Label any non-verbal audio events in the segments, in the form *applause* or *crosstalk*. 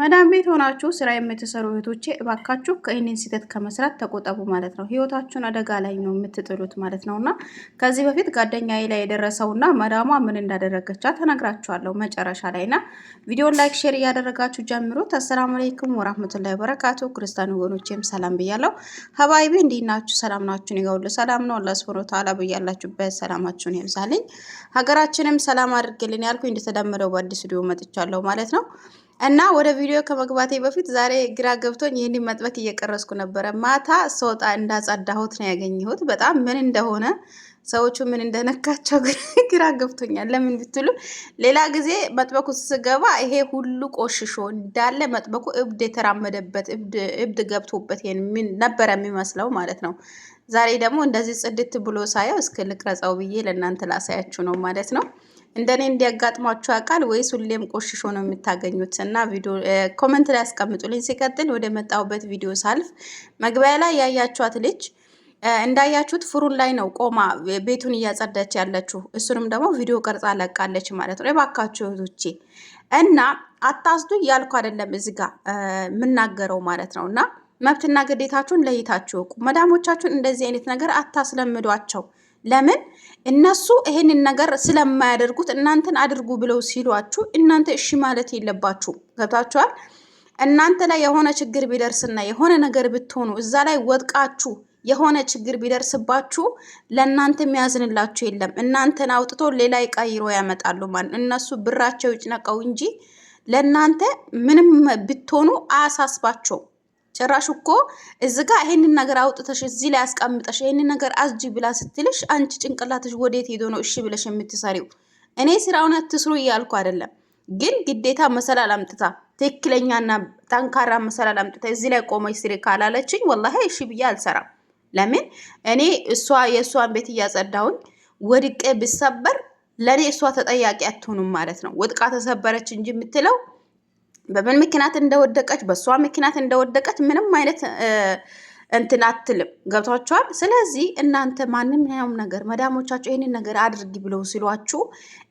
መዳም ቤት ሆናችሁ ስራ የምትሰሩ እህቶቼ እባካችሁ ከይህንን ስህተት ከመስራት ተቆጠቡ ማለት ነው። ህይወታችሁን አደጋ ላይ ነው የምትጥሉት ማለት ነው። እና ከዚህ በፊት ጓደኛዬ ላይ የደረሰውና መዳሟ ምን እንዳደረገቻ ተነግራችኋለሁ መጨረሻ ላይ ና ቪዲዮን ላይክ፣ ሼር እያደረጋችሁ ጀምሩት። አሰላሙ አለይኩም ወራህመቱላሂ ወበረካቱ። ክርስቲያን ወገኖቼም ሰላም ብያለሁ። ሀባይቢ እንዲህ ናችሁ? ሰላም ናችሁን? ይገውል ሰላም ነው። አላህ ሱብሃነሁ ወተዓላ ብያላችሁበት ሰላማችሁን ይብዛልኝ፣ ሀገራችንም ሰላም አድርግልን ያልኩኝ እንደተለመደው በአዲስ ቪዲዮ መጥቻለሁ ማለት ነው። እና ወደ ቪዲዮ ከመግባቴ በፊት ዛሬ ግራ ገብቶኝ ይህንን መጥበቅ እየቀረስኩ ነበረ። ማታ ስወጣ እንዳጸዳሁት ነው ያገኘሁት። በጣም ምን እንደሆነ ሰዎቹ ምን እንደነካቸው ግራ *laughs* ገብቶኛል። ለምን ብትሉ ሌላ ጊዜ መጥበኩ ስገባ ይሄ ሁሉ ቆሽሾ እንዳለ መጥበኩ እብድ የተራመደበት እብድ ገብቶበት ነበረ የሚመስለው ማለት ነው። ዛሬ ደግሞ እንደዚህ ጽድት ብሎ ሳየው እስክ ልቅረጸው ብዬ ለእናንተ ላሳያችሁ ነው ማለት ነው። እንደኔ እንዲያጋጥሟችሁ አቃል ወይስ ሁሌም ቆሽሾ ነው የምታገኙት? እና ቪዲዮ ኮመንት ላይ ያስቀምጡልኝ። ሲቀጥል ወደ መጣሁበት ቪዲዮ ሳልፍ መግቢያ ላይ ያያችኋት ልጅ እንዳያችሁት ፍሩን ላይ ነው ቆማ ቤቱን እያጸዳች ያለችው። እሱንም ደግሞ ቪዲዮ ቀርጻ ለቃለች ማለት ነው። የባካችሁ እህቶቼ እና አታስዱ እያልኩ አይደለም እዚህ ጋ የምናገረው ማለት ነው። እና መብትና ግዴታችሁን ለይታችሁ እቁ መዳሞቻችሁን እንደዚህ አይነት ነገር አታስለምዷቸው። ለምን እነሱ ይሄንን ነገር ስለማያደርጉት እናንተን አድርጉ ብለው ሲሏችሁ እናንተ እሺ ማለት የለባችሁ። ገብታችኋል? እናንተ ላይ የሆነ ችግር ቢደርስና የሆነ ነገር ብትሆኑ እዛ ላይ ወጥቃችሁ የሆነ ችግር ቢደርስባችሁ ለእናንተ የሚያዝንላችሁ የለም። እናንተን አውጥቶ ሌላ ይቀይሮ ያመጣሉ ማን እነሱ ብራቸው ይጭነቀው እንጂ ለእናንተ ምንም ብትሆኑ አያሳስባቸውም። ጭራሽ እኮ እዚ ጋ ይሄንን ነገር አውጥተሽ እዚ ላይ አስቀምጠሽ ይሄንን ነገር አዝጂ ብላ ስትልሽ አንቺ ጭንቅላትሽ ወዴት ሄዶ ነው እሺ ብለሽ የምትሰሪው? እኔ ስራውን አትስሩ እያልኩ አይደለም፣ ግን ግዴታ መሰላል አምጥታ ትክክለኛና ጠንካራ መሰላል አምጥታ እዚ ላይ ቆመች ስሪ ካላለችኝ ወላሂ እሺ ብዬ አልሰራም። ለምን እኔ እሷ የእሷን ቤት እያጸዳሁኝ ወድቄ ብሰበር ለእኔ እሷ ተጠያቂ አትሆኑም ማለት ነው። ወጥቃ ተሰበረች እንጂ የምትለው በምን ምክንያት እንደወደቀች በእሷ ምክንያት እንደወደቀች ምንም አይነት እንትን አትልም። ገብቷችኋል? ስለዚህ እናንተ ማንኛውም ነገር መዳሞቻቸው ይህንን ነገር አድርጊ ብለው ሲሏችሁ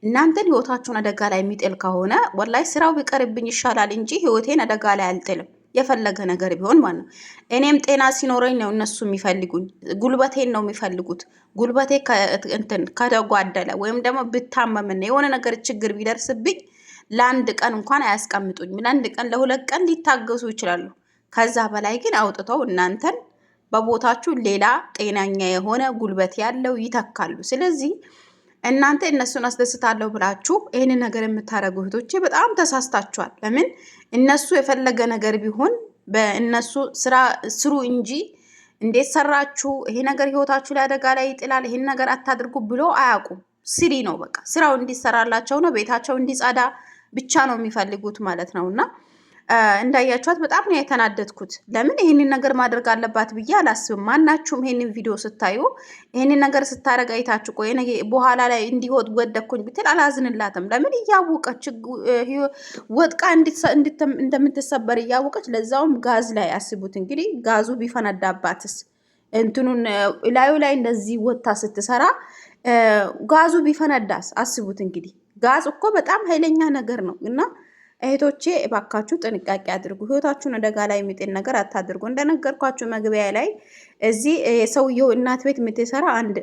እናንተን ህይወታችሁን አደጋ ላይ የሚጥል ከሆነ ወላይ ስራው ቢቀርብኝ ይሻላል እንጂ ህይወቴን አደጋ ላይ አልጥልም የፈለገ ነገር ቢሆን ማለት ነው። እኔም ጤና ሲኖረኝ ነው እነሱ የሚፈልጉኝ። ጉልበቴን ነው የሚፈልጉት። ጉልበቴ እንትን ከተጓደለ ወይም ደግሞ ብታመምና የሆነ ነገር ችግር ቢደርስብኝ ለአንድ ቀን እንኳን አያስቀምጡኝም። ለአንድ ቀን ለሁለት ቀን ሊታገሱ ይችላሉ። ከዛ በላይ ግን አውጥተው እናንተን በቦታችሁ ሌላ ጤናኛ የሆነ ጉልበት ያለው ይተካሉ። ስለዚህ እናንተ እነሱን አስደስታለሁ ብላችሁ ይህንን ነገር የምታደርጉ እህቶቼ በጣም ተሳስታችኋል። ለምን እነሱ የፈለገ ነገር ቢሆን በእነሱ ስራ ስሩ እንጂ እንዴት ሰራችሁ፣ ይሄ ነገር ህይወታችሁ ላይ አደጋ ላይ ይጥላል፣ ይሄን ነገር አታድርጉ ብሎ አያውቁም። ስሪ ነው በቃ ስራው እንዲሰራላቸው ነው፣ ቤታቸው እንዲጸዳ ብቻ ነው የሚፈልጉት ማለት ነው እና እንዳያችኋት በጣም ነው የተናደድኩት። ለምን ይህንን ነገር ማድረግ አለባት ብዬ አላስብም። ማናችሁም ይህንን ቪዲዮ ስታዩ ይህንን ነገር ስታደረግ አይታችሁ ቆይ በኋላ ላይ እንዲወጥ ወደኩኝ ብትል አላዝንላትም። ለምን እያወቀች ወጥቃ እንደምትሰበር እያወቀች ለዛውም ጋዝ ላይ አስቡት እንግዲህ ጋዙ ቢፈነዳባትስ እንትኑን ላዩ ላይ እንደዚህ ወታ ስትሰራ ጋዙ ቢፈነዳስ አስቡት እንግዲህ። ጋዝ እኮ በጣም ኃይለኛ ነገር ነው እና እህቶቼ እባካችሁ ጥንቃቄ አድርጉ። ህይወታችሁን አደጋ ላይ የሚጤን ነገር አታድርጉ። እንደነገርኳችሁ መግቢያ ላይ እዚህ የሰውየው እናት ቤት የምትሰራ አንድ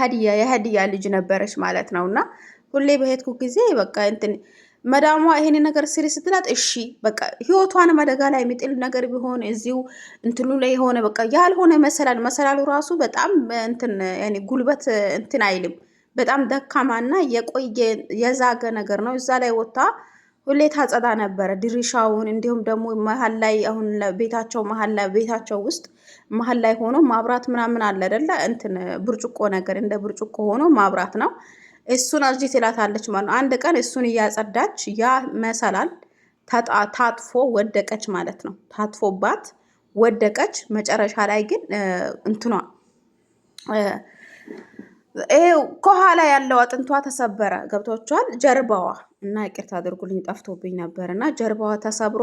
ሀዲያ የሀዲያ ልጅ ነበረች ማለት ነው እና ሁሌ በሄድኩ ጊዜ በቃ እንትን መዳሟ ይሄን ነገር ስሪ ስትላት እሺ በቃ ህይወቷንም አደጋ ላይ የሚጥል ነገር ቢሆን እዚሁ እንትኑ ላይ የሆነ በቃ ያልሆነ መሰላል መሰላሉ ራሱ በጣም እንትን ጉልበት እንትን አይልም። በጣም ደካማና የቆየ የዛገ ነገር ነው። እዛ ላይ ወጥታ ሁሌ ታጸዳ ነበረ ድሪሻውን። እንዲሁም ደግሞ መሀል ላይ አሁን ቤታቸው መሀል ላይ ቤታቸው ውስጥ መሀል ላይ ሆኖ ማብራት ምናምን አለ አይደለ? እንትን ብርጭቆ ነገር እንደ ብርጭቆ ሆኖ ማብራት ነው። እሱን አጅ ትላታለች ማለት ነው። አንድ ቀን እሱን እያጸዳች ያ መሰላል ታጥፎ ወደቀች ማለት ነው። ታጥፎባት ወደቀች። መጨረሻ ላይ ግን እንትኗ ከኋላ ያለው አጥንቷ ተሰበረ። ገብቷችኋል? ጀርባዋ እና ይቅርታ አድርጉልኝ ጠፍቶብኝ ነበር እና ጀርባዋ ተሰብሮ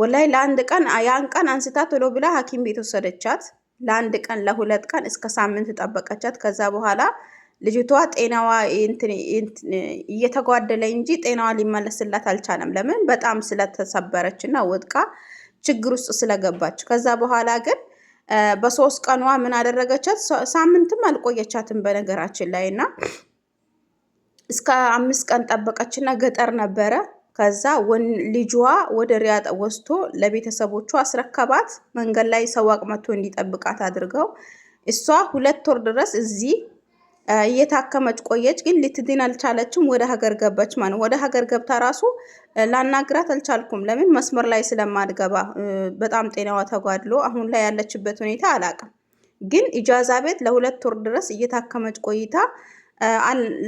ወላይ ለአንድ ቀን ያን ቀን አንስታ ቶሎ ብላ ሐኪም ቤት ወሰደቻት። ለአንድ ቀን ለሁለት ቀን እስከ ሳምንት ጠበቀቻት። ከዛ በኋላ ልጅቷ ጤናዋ እየተጓደለ እንጂ ጤናዋ ሊመለስላት አልቻለም። ለምን? በጣም ስለተሰበረች እና ወጥቃ ችግር ውስጥ ስለገባች ከዛ በኋላ ግን በሶስት ቀኗ ምን አደረገቻት? ሳምንትም አልቆየቻትም በነገራችን ላይ እና እስከ አምስት ቀን ጠበቀችና ገጠር ነበረ። ከዛ ልጇ ወደ ሪያጠ ወስቶ ለቤተሰቦቹ አስረከባት። መንገድ ላይ ሰው አቅመቶ እንዲጠብቃት አድርገው እሷ ሁለት ወር ድረስ እዚህ እየታከመች ቆየች፣ ግን ልትድን አልቻለችም። ወደ ሀገር ገባች ማለት ነው። ወደ ሀገር ገብታ ራሱ ላናግራት አልቻልኩም። ለምን መስመር ላይ ስለማድገባ በጣም ጤናዋ ተጓድሎ አሁን ላይ ያለችበት ሁኔታ አላቅም። ግን ኢጃዛ ቤት ለሁለት ወር ድረስ እየታከመች ቆይታ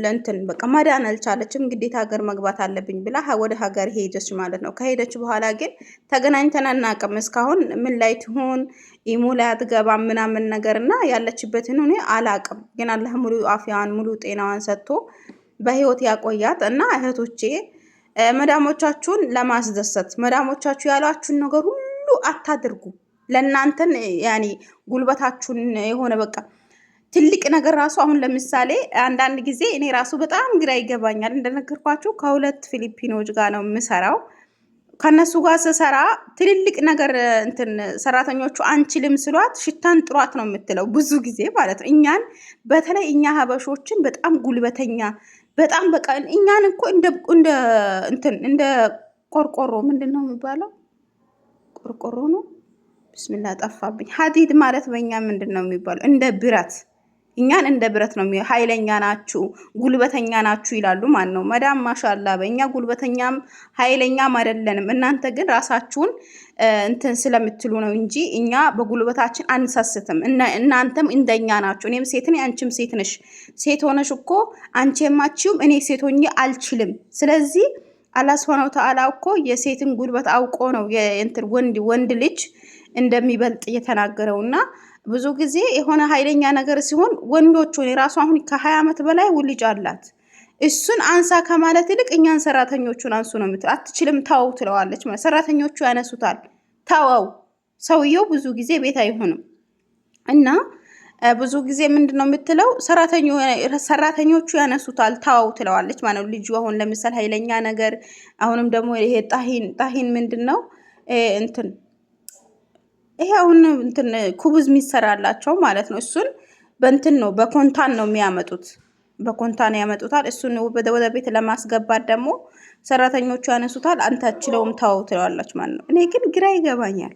እንትን በቃ ማዳን አልቻለችም። ግዴታ ሀገር መግባት አለብኝ ብላ ወደ ሀገር ሄደች ማለት ነው። ከሄደች በኋላ ግን ተገናኝተን አናውቅም። እስካሁን ምን ላይ ትሆን ኢሙ ላይ ምናምን ነገር እና ያለችበትን እኔ አላውቅም። ግን አላህ ሙሉ አፍያዋን ሙሉ ጤናዋን ሰጥቶ በህይወት ያቆያት እና እህቶቼ መዳሞቻችሁን ለማስደሰት መዳሞቻችሁ ያሏችሁን ነገር ሁሉ አታድርጉ። ለእናንተን ያኔ ጉልበታችሁን የሆነ በቃ ትልቅ ነገር ራሱ አሁን ለምሳሌ አንዳንድ ጊዜ እኔ ራሱ በጣም ግራ ይገባኛል። እንደነገርኳችሁ ከሁለት ፊሊፒኖች ጋር ነው የምሰራው። ከነሱ ጋር ስሰራ ትልልቅ ነገር እንትን ሰራተኞቹ አንችልም ስሏት ሽታን ጥሯት ነው የምትለው ብዙ ጊዜ ማለት ነው። እኛን በተለይ እኛ ሀበሾችን በጣም ጉልበተኛ በጣም በቃ እኛን እኮ እንደ እንትን እንደ ቆርቆሮ ምንድን ነው የሚባለው? ቆርቆሮ ነው። ብስምላ ጠፋብኝ። ሀዲድ ማለት በእኛ ምንድን ነው የሚባለው? እንደ ብረት እኛን እንደ ብረት ነው ኃይለኛ ናችሁ፣ ጉልበተኛ ናችሁ ይላሉ። ማን ነው መዳም? ማሻላ በእኛ ጉልበተኛም ኃይለኛም አይደለንም። እናንተ ግን ራሳችሁን እንትን ስለምትሉ ነው እንጂ እኛ በጉልበታችን አንሰስትም። እናንተም እንደኛ ናችሁ። እኔም ሴት ነኝ፣ አንቺም ሴት ነሽ። ሴት ሆነሽ እኮ አንቺ የማችሁም እኔ ሴት ሆኜ አልችልም። ስለዚህ አላህ ሱብሃነሁ ወተዓላ እኮ የሴትን ጉልበት አውቆ ነው የእንትን ወንድ ወንድ ልጅ እንደሚበልጥ እየተናገረውና ብዙ ጊዜ የሆነ ኃይለኛ ነገር ሲሆን ወንዶቹን የራሱ አሁን ከሀያ ዓመት በላይ ውልጅ አላት። እሱን አንሳ ከማለት ይልቅ እኛን ሰራተኞቹን አንሱ ነው የምትለው። አትችልም ታወው ትለዋለች። ሰራተኞቹ ያነሱታል። ታወው ሰውየው ብዙ ጊዜ ቤት አይሆንም እና ብዙ ጊዜ ምንድን ነው የምትለው ሰራተኞቹ ያነሱታል ታወው ትለዋለች ማለት ነው። ልጁ አሁን ለምሳሌ ኃይለኛ ነገር አሁንም ደግሞ ይሄ ጣሂን ጣሂን ምንድን ነው እንትን አሁን እንትን ኩቡዝ የሚሰራላቸው ማለት ነው። እሱን በእንትን ነው በኮንታን ነው የሚያመጡት፣ በኮንታን ያመጡታል። እሱን ወደ ቤት ለማስገባት ደግሞ ሰራተኞቹ ያነሱታል። ችለውም ታው ትለዋላችሁ ማለት ነው። እኔ ግን ግራ ይገባኛል፣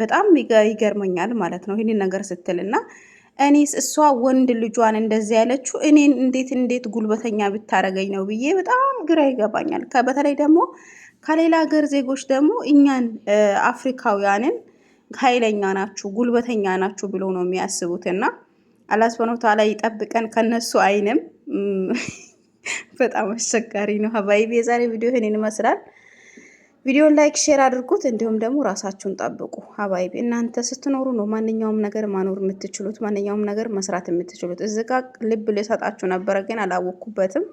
በጣም ይገርመኛል ማለት ነው ይህንን ነገር ስትል እና እኔስ እሷ ወንድ ልጇን እንደዚ ያለችው እኔን እንዴት እንዴት ጉልበተኛ ብታደረገኝ ነው ብዬ በጣም ግራ ይገባኛል። በተለይ ደግሞ ከሌላ ሀገር ዜጎች ደግሞ እኛን አፍሪካውያንን ኃይለኛ ናችሁ፣ ጉልበተኛ ናችሁ ብሎ ነው የሚያስቡት። እና አላህ ሱብሃነሁ ወተዓላ ይጠብቀን ከነሱ አይንም። *laughs* በጣም አስቸጋሪ ነው። ሀባይቢ የዛሬ ቪዲዮ ይህንን ይመስላል። ቪዲዮን ላይክ፣ ሼር አድርጉት። እንዲሁም ደግሞ ራሳችሁን ጠብቁ ሀባይቢ። እናንተ ስትኖሩ ነው ማንኛውም ነገር ማኖር የምትችሉት፣ ማንኛውም ነገር መስራት የምትችሉት። እዚ ጋ ልብ ልሰጣችሁ ነበረ ግን አላወቅኩበትም።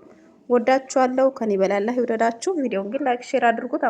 ወዳችኋለሁ። ከኔ በላይ አላህ ይውደዳችሁ። ቪዲዮን ግን ላይክ፣ ሼር አድርጉት።